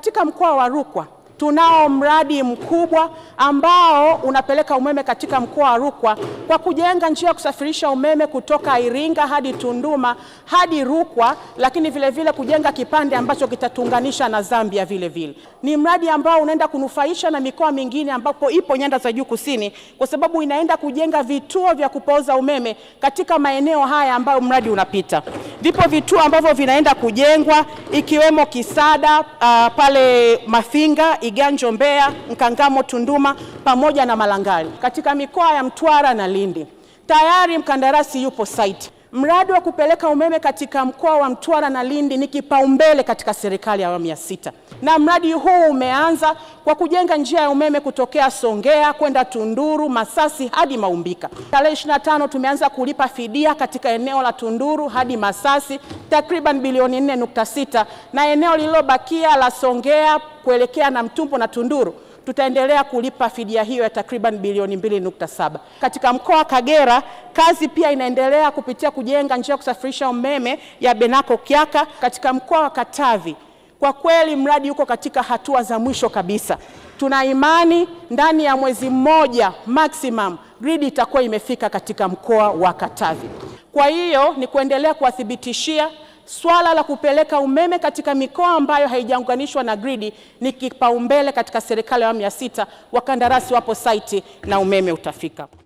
katika mkoa wa Rukwa tunao mradi mkubwa ambao unapeleka umeme katika mkoa wa Rukwa kwa kujenga njia ya kusafirisha umeme kutoka Iringa hadi Tunduma hadi Rukwa, lakini vilevile vile kujenga kipande ambacho kitatuunganisha na Zambia vilevile vile. Ni mradi ambao unaenda kunufaisha na mikoa mingine ambapo ipo nyanda za juu kusini, kwa sababu inaenda kujenga vituo vya kupoza umeme katika maeneo haya ambayo mradi unapita. Vipo vituo ambavyo vinaenda kujengwa ikiwemo Kisada, uh, pale Mafinga Kiganjo Mbeya, Mkangamo Tunduma pamoja na Malangali katika mikoa ya Mtwara na Lindi. Tayari mkandarasi yupo site. Mradi wa kupeleka umeme katika mkoa wa Mtwara na Lindi ni kipaumbele katika serikali ya awamu ya sita, na mradi huu umeanza kwa kujenga njia ya umeme kutokea Songea kwenda Tunduru, Masasi hadi Maumbika. Tarehe 25 tumeanza kulipa fidia katika eneo la Tunduru hadi Masasi takriban bilioni 4.6 na eneo lililobakia la Songea kuelekea Namtumbo na Tunduru tutaendelea kulipa fidia hiyo ya takriban bilioni 2.7. Katika mkoa wa Kagera, kazi pia inaendelea kupitia kujenga njia ya kusafirisha umeme ya Benako kiaka Katika mkoa wa Katavi, kwa kweli mradi uko katika hatua za mwisho kabisa. Tuna imani ndani ya mwezi mmoja maximum gridi itakuwa imefika katika mkoa wa Katavi. Kwa hiyo ni kuendelea kuwathibitishia swala la kupeleka umeme katika mikoa ambayo haijaunganishwa na gridi ni kipaumbele katika serikali ya awamu ya sita. Wakandarasi wapo saiti na umeme utafika.